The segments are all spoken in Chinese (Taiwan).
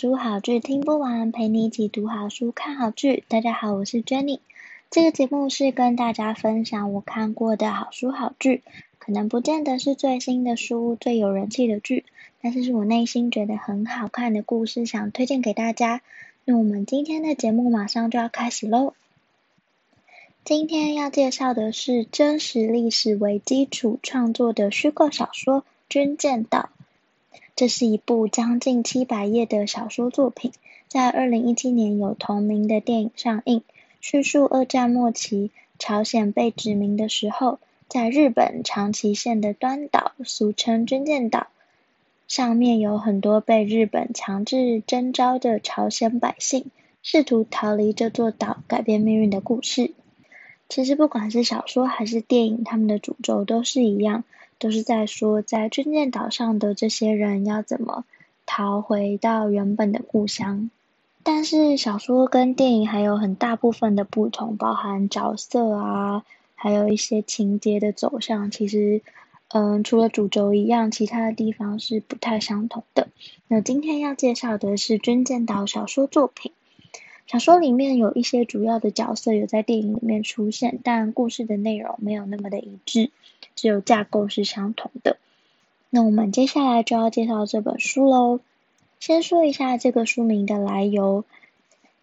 書好劇聽不完，陪你一起讀好書、看好劇。大家好，我是 Jenny。這個節目是跟大家分享我看過的好書、好劇，可能不見得是最新的書、最有人氣的劇，但是是我內心覺得很好看的故事，想推薦給大家。那我們今天的節目馬上就要開始嘍。今天要介紹的是真實歷史為基礎創作的虛構小說《軍艦島》。這是一部將近七百頁的小說作品，在二零一七年有同名的電影上映，敘述二戰末期朝鮮被殖民的時候，在日本長崎縣的端島（俗稱軍艦島）上面有很多被日本強制徵召的朝鮮百姓，試圖逃離這座島，改變命運的故事。其實不管是小說還是電影，他們的主軸都是一樣。都是在說在軍艦島上的這些人要怎麼逃回到原本的故鄉。但是小說跟電影還有很大部分的不同，包含角色啊，還有一些情節的走向，其實嗯除了主軸一樣，其他的地方是不太相同的。那今天要介紹的是軍艦島小說作品。小說裡面有一些主要的角色有在電影裡面出現，但故事的內容沒有那麼的一致。只有架構是相同的。那我們接下來就要介紹這本書嘍。先說一下這個書名的來由，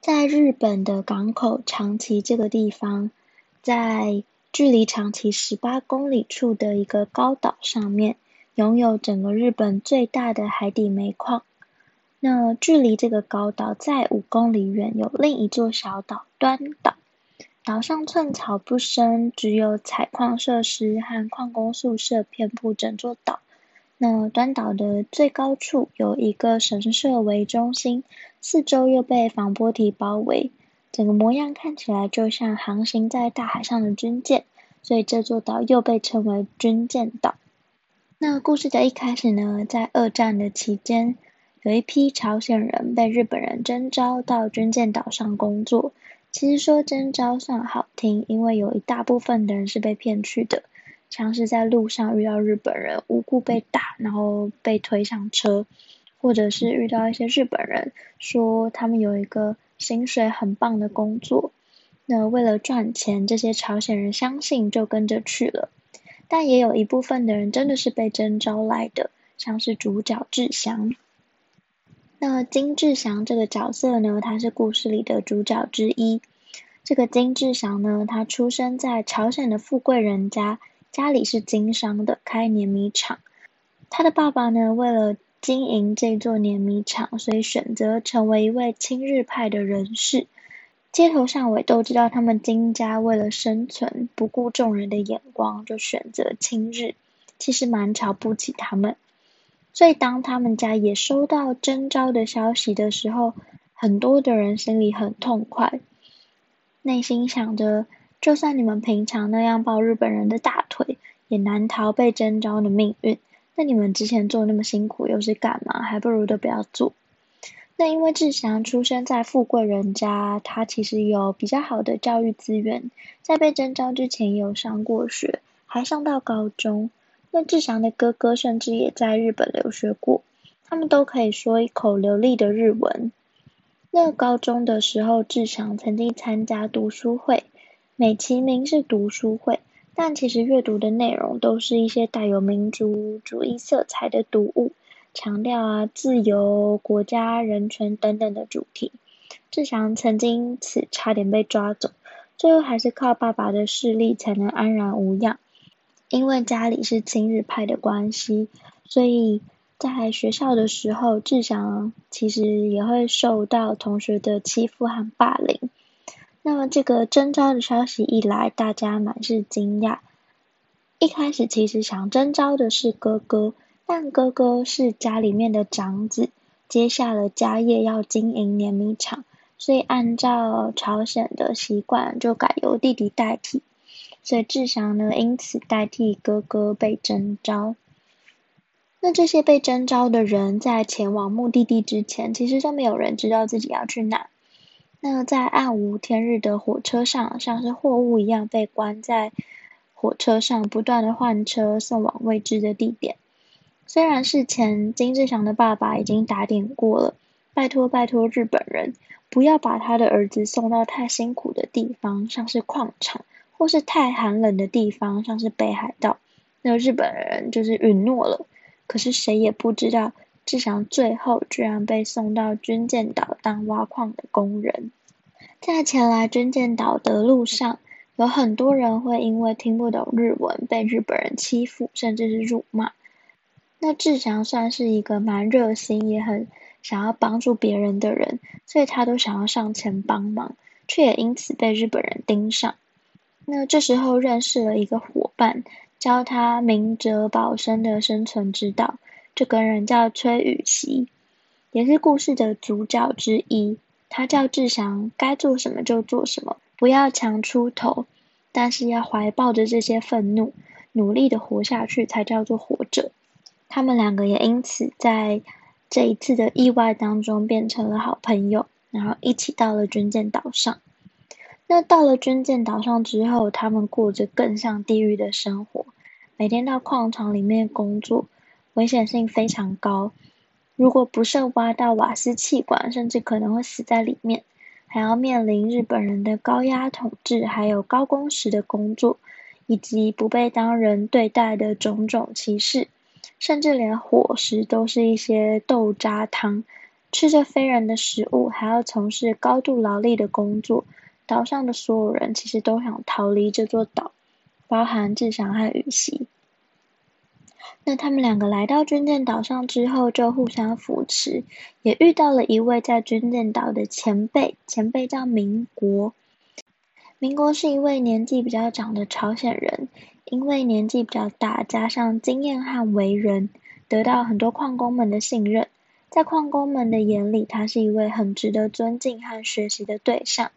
在日本的港口長崎這個地方，在距離長崎十八公里處的一個高島上面，擁有整個日本最大的海底煤礦。那距離這個高島再五公里遠，有另一座小島端島。島上寸草不生，只有採礦設施和礦工宿舍遍布整座島。那端島的最高處有一個神社為中心，四周又被防波堤包圍，整個模樣看起來就像航行在大海上的軍艦，所以這座島又被稱為“軍艦島”。那故事的一開始呢，在二戰的期間，有一批朝鮮人被日本人徵召到軍艦島上工作。其實說徵召算好聽，因為有一大部分的人是被騙去的。像是在路上遇到日本人，無故被打，然後被推上車，或者是遇到一些日本人說他們有一個薪水很棒的工作，那為了賺錢，這些朝鮮人相信就跟着去了。但也有一部分的人真的是被徵召來的，像是主角志祥。那金志祥這個角色呢，他是故事裡的主角之一。這個金志祥呢，他出生在朝鮮的富貴人家，家裡是經商的，開碾米廠。他的爸爸呢，為了經營這座碾米廠，所以選擇成為一位親日派的人士。街頭巷尾都知道，他們金家為了生存，不顧眾人的眼光，就選擇親日，其實蠻瞧不起他們。所以，當他們家也收到徵召的消息的時候，很多的人心裡很痛快，內心想着，就算你們平常那樣抱日本人的大腿，也難逃被徵召的命運。那你們之前做那麼辛苦，又是幹嘛？還不如都不要做。那因為志祥出生在富貴人家，他其實有比較好的教育資源，在被徵召之前有上過學，還上到高中。那志祥的哥哥甚至也在日本留學過，他們都可以說一口流利的日文。那高中的時候，志祥曾經參加讀書會，美其名是讀書會，但其實閱讀的內容都是一些帶有民族主義色彩的讀物，強調啊自由、國家、人權等等的主題。志祥曾經因此差點被抓走，最後還是靠爸爸的勢力才能安然無恙。因為家裡是親日派的關係，所以在學校的時候，志祥其實也會受到同學的欺負和霸凌。那麼這個徵召的消息一來，大家滿是驚訝。一開始其實想徵召的是哥哥，但哥哥是家裡面的長子，接下了家業要經營碾米廠，所以按照朝鮮的習慣，就改由弟弟代替。所以志祥呢，因此代替哥哥被徵召。那這些被徵召的人，在前往目的地之前，其實都沒有人知道自己要去哪。那在暗無天日的火車上，像是貨物一樣被關在火車上，不斷的換車，送往未知的地點。雖然事前金志祥的爸爸已經打點過了，拜託拜託日本人，不要把他的兒子送到太辛苦的地方，像是礦場。或是太寒冷的地方，像是北海道，那日本人就是允諾了。可是誰也不知道，志祥最後居然被送到軍艦島當挖礦的工人。在前來軍艦島的路上，有很多人會因為聽不懂日文被日本人欺負，甚至是辱罵。那志祥算是一個蠻熱心，也很想要幫助別人的人，所以他都想要上前幫忙，卻也因此被日本人盯上。那這時候認識了一個夥伴，教他明哲保身的生存之道。這個人叫崔雨溪，也是故事的主角之一。他叫志祥，該做什麼就做什麼，不要強出頭，但是要懷抱着這些憤怒，努力的活下去才叫做活着。他們兩個也因此在這一次的意外當中變成了好朋友，然後一起到了軍艦島上。那到了軍艦島上之後，他們過着更像地獄的生活。每天到礦場裡面工作，危險性非常高。如果不慎挖到瓦斯氣管，甚至可能會死在裡面。還要面臨日本人的高壓統治，還有高工時的工作，以及不被當人對待的種種歧視。甚至連伙食都是一些豆渣湯，吃着非人的食物，還要從事高度勞力的工作。島上的所有人其實都想逃離這座島，包含志祥和雨溪。那他們兩個來到軍艦島上之後，就互相扶持，也遇到了一位在軍艦島的前輩，前輩叫民國。民國是一位年紀比較長的朝鮮人，因為年紀比較大，加上經驗和為人，得到很多礦工們的信任。在礦工們的眼裡，他是一位很值得尊敬和學習的對象。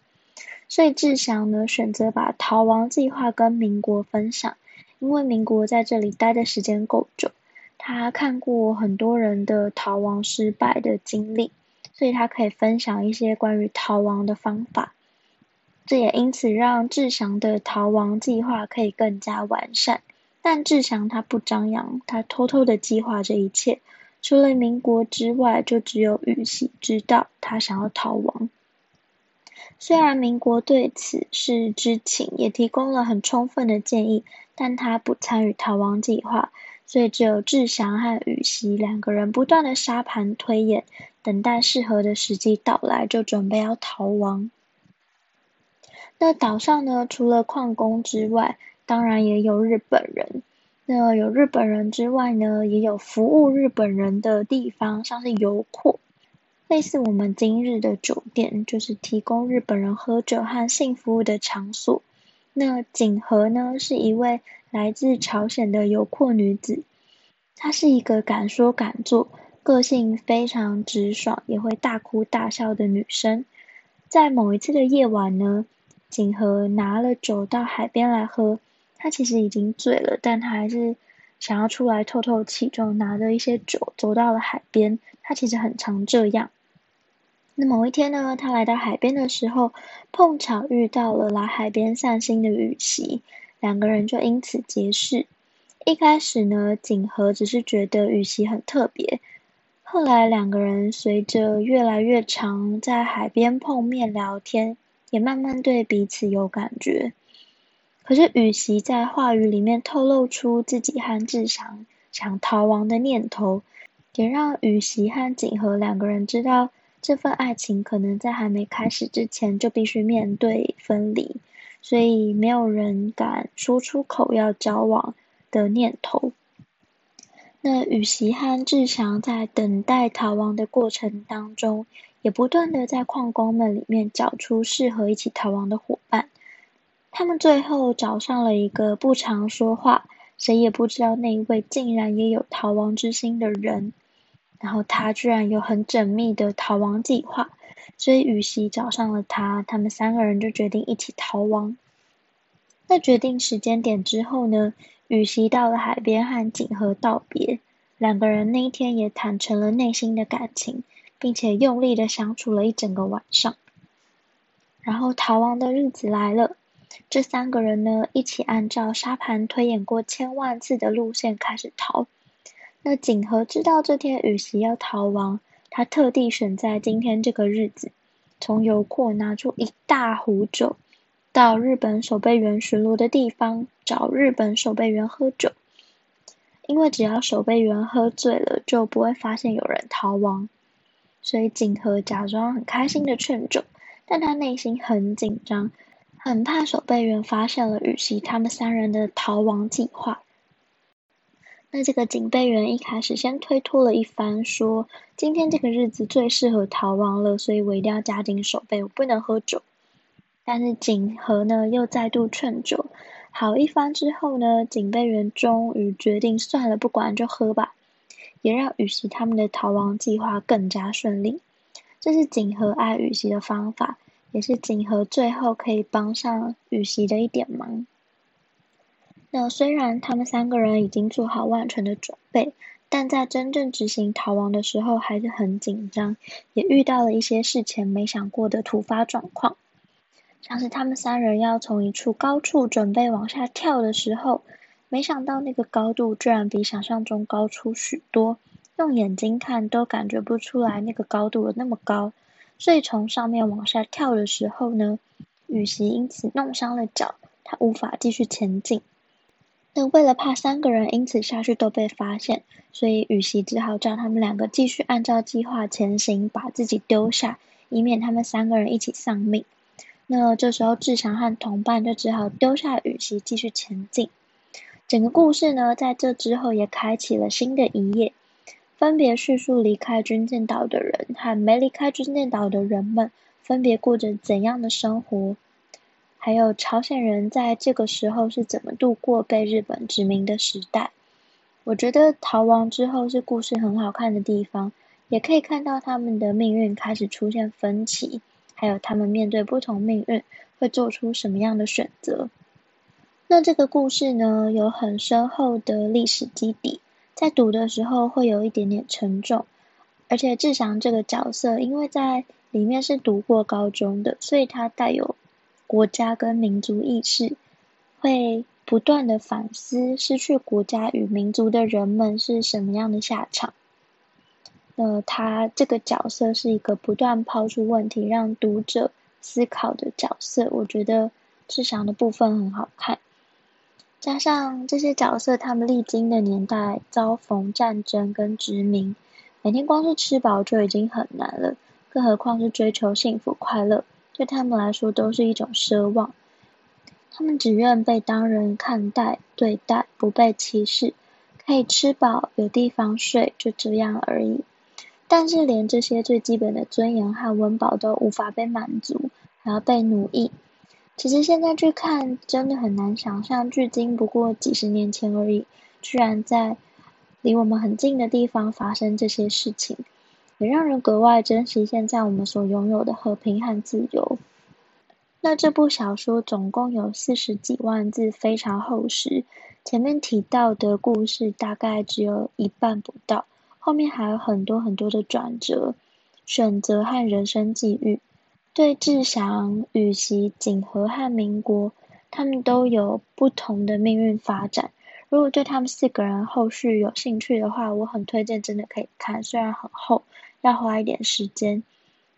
所以志祥呢，選擇把逃亡計劃跟民國分享，因為民國在這裡待的時間夠久，他看過很多人的逃亡失敗的經歷，所以他可以分享一些關於逃亡的方法。這也因此讓志祥的逃亡計劃可以更加完善。但志祥他不張揚，他偷偷的計劃這一切，除了民國之外，就只有玉玺知道他想要逃亡。雖然民國對此事知情，也提供了很充分的建議，但他不參與逃亡計劃，所以只有志祥和雨西兩個人不斷的沙盤推演，等待適合的時機到來就準備要逃亡。那島上呢，除了礦工之外，當然也有日本人。那有日本人之外呢，也有服務日本人的地方，像是油庫。類似我們今日的酒店，就是提供日本人喝酒和性服務的場所。那錦和呢，是一位來自朝鮮的遊闊女子，她是一個敢說敢做、個性非常直爽，也會大哭大笑的女生。在某一次的夜晚呢，錦和拿了酒到海邊來喝，她其實已經醉了，但她還是想要出來透透氣，就拿着一些酒走到了海邊。她其實很常這樣。那某一天呢，他來到海邊的時候，碰巧遇到了來海邊散心的雨齊，兩個人就因此結識。一開始呢，景和只是覺得雨齊很特別，後來兩個人隨着越來越常在海邊碰面聊天，也慢慢對彼此有感覺。可是雨齊在話語裡面透露出自己和志翔想逃亡的念頭，也讓雨齊和景和兩個人知道。這份愛情可能在還沒開始之前就必須面對分離，所以沒有人敢說出口要交往的念頭。那雨熙和志祥在等待逃亡的過程當中，也不斷的在礦工們裡面找出適合一起逃亡的夥伴。他們最後找上了一個不常說話，誰也不知道那一位竟然也有逃亡之心的人。然後他居然有很縝密的逃亡計劃，所以禹熙找上了他，他們三個人就決定一起逃亡。在決定時間點之後呢，禹熙到了海邊和景和道別，兩個人那一天也坦誠了內心的感情，並且用力的相處了一整個晚上。然後逃亡的日子來了，這三個人呢，一起按照沙盤推演過千萬次的路線開始逃。那錦河知道這天雨琦要逃亡，他特地選在今天這個日子，從油庫拿出一大壺酒，到日本守備員巡邏的地方找日本守備員喝酒。因為只要守備員喝醉了，就不會發現有人逃亡，所以錦河假裝很開心的勸酒，但他內心很緊張，很怕守備員發現了雨琦他們三人的逃亡計劃。那這個警備員一開始先推脫了一番說，說今天這個日子最適合逃亡了，所以我一定要加緊守備，我不能喝酒。但是景和呢，又再度勸酒，好一番之後呢，警備員終於決定算了，不管就喝吧，也讓雨琦他們的逃亡計劃更加順利。這是景和愛雨琦的方法，也是景和最後可以幫上雨琦的一點忙。那雖然他們三個人已經做好萬全的準備，但在真正執行逃亡的時候還是很緊張，也遇到了一些事前沒想過的突發狀況。像是他們三人要從一處高處準備往下跳的時候，沒想到那個高度居然比想象中高出許多，用眼睛看都感覺不出來那個高度有那麼高。所以從上面往下跳的時候呢，雨琦因此弄傷了腳，她無法繼續前進。但為了怕三個人因此下去都被發現，所以雨西只好叫他們兩個繼續按照計劃前行，把自己丟下，以免他們三個人一起喪命。那這時候志強和同伴就只好丟下雨西繼續前進。整個故事呢，在這之後也開啟了新的一頁。分別敘述離開軍艦島的人和沒離開軍艦島的人們，分別過着怎樣的生活？還有朝鮮人在這個時候是怎麼度過被日本殖民的時代？我覺得逃亡之後是故事很好看的地方，也可以看到他們的命運開始出現分歧，還有他們面對不同命運會做出什麼樣的選擇。那這個故事呢，有很深厚的歷史基底，在讀的時候會有一點點沉重，而且志祥這個角色，因為在裡面是讀過高中的，所以他帶有。國家跟民族意識會不斷的反思，失去國家與民族的人們是什麼樣的下場。呃，他這個角色是一個不斷拋出問題讓讀者思考的角色。我覺得智祥的部分很好看，加上這些角色，他們歷經的年代遭逢戰爭跟殖民，每天光是吃飽就已經很難了，更何況是追求幸福快樂。對他們來說，都是一種奢望。他們只願被當人看待、對待，不被歧視，可以吃飽，有地方睡，就這樣而已。但是，連這些最基本的尊嚴和溫飽都無法被滿足，還要被奴役。其實，現在去看，真的很難想象，距今不過幾十年前而已，居然在離我們很近的地方發生這些事情。也讓人格外珍惜現在我們所擁有的和平和自由。那這部小說總共有四十幾萬字，非常厚實。前面提到的故事大概只有一半不到，後面還有很多很多的轉折、選擇和人生際遇。對志祥、與其錦和和民國，他們都有不同的命運發展。如果對他們四個人後續有興趣的話，我很推薦，真的可以看，雖然很厚。要花一點時間，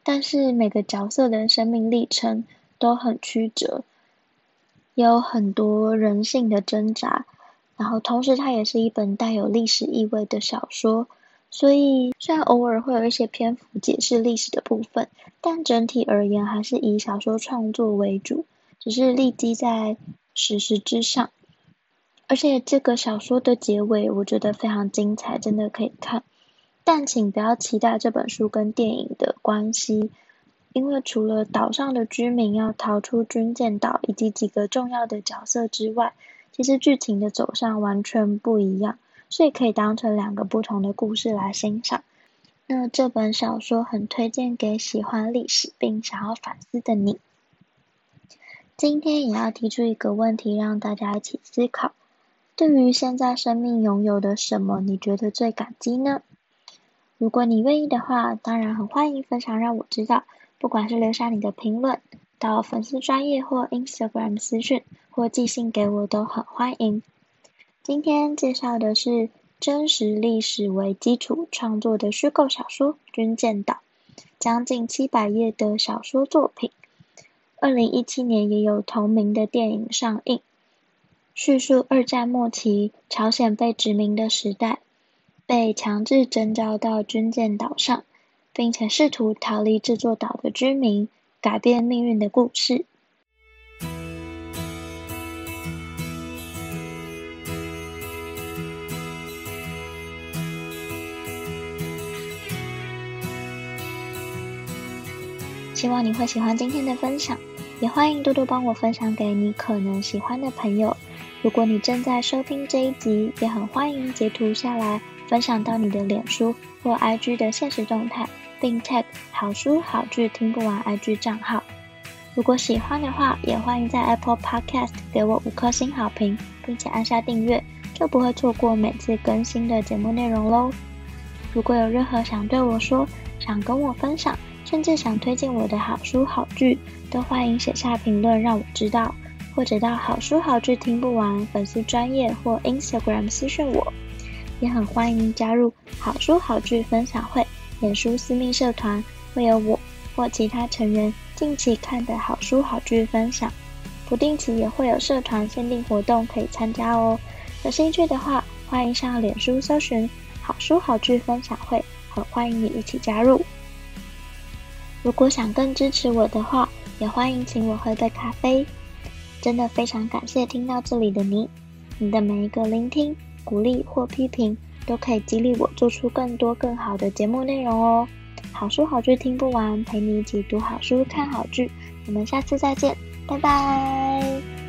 但是每個角色的生命歷程都很曲折，有很多人性的掙扎，然後同時它也是一本帶有歷史意味的小說，所以雖然偶爾會有一些篇幅解釋歷史的部分，但整體而言還是以小說創作為主，只是立基在史實之上，而且這個小說的結尾我覺得非常精彩，真的可以看。但請不要期待這本書跟電影的關係，因為除了島上的居民要逃出軍艦島以及幾個重要的角色之外，其實劇情的走向完全不一樣，所以可以當成兩個不同的故事來欣賞。那這本小說很推薦給喜歡歷史並想要反思的你。今天也要提出一個問題，讓大家一起思考：對於現在生命擁有的什麼，你覺得最感激呢？如果你願意的話，當然很歡迎分享，讓我知道。不管是留下你的評論、到粉絲專頁或 Instagram 私訊，或寄信給我，都很歡迎。今天介紹的是真實歷史為基礎創作的虛構小說《軍艦島》，將近七百頁的小說作品。二零一七年也有同名的電影上映，敘述二戰末期朝鮮被殖民的時代。被強制徵召到軍艦島上，並且試圖逃離這座島的居民改變命運的故事。希望你會喜歡今天的分享，也歡迎多多幫我分享給你可能喜歡的朋友。如果你正在收聽這一集，也很歡迎截圖下來。分享到你的臉書或 IG 的現實動態，並 tag 好書好劇聽不完 IG 賬號。如果喜歡的話，也歡迎在 Apple Podcast 給我五顆星好評，並且按下訂閱，就不會錯過每次更新的節目內容嘍。如果有任何想對我說、想跟我分享，甚至想推薦我的好書好劇，都歡迎寫下評論讓我知道，或者到好書好劇聽不完粉絲專頁或 Instagram 私訊我。也很歡迎加入好書好劇分享會，臉書私密社團會有我或其他成員近期看的好書好劇分享，不定期也會有社團限定活動可以參加哦。有興趣的話，歡迎上臉書搜尋“好書好劇分享會”，很歡迎你一起加入。如果想更支持我的話，也歡迎請我喝杯咖啡。真的非常感謝聽到這裡的你，你的每一個聆聽。鼓勵或批評都可以激勵我做出更多更好的節目內容哦。好書好劇聽不完，陪你一起讀好書、看好劇。我們下次再見，拜拜。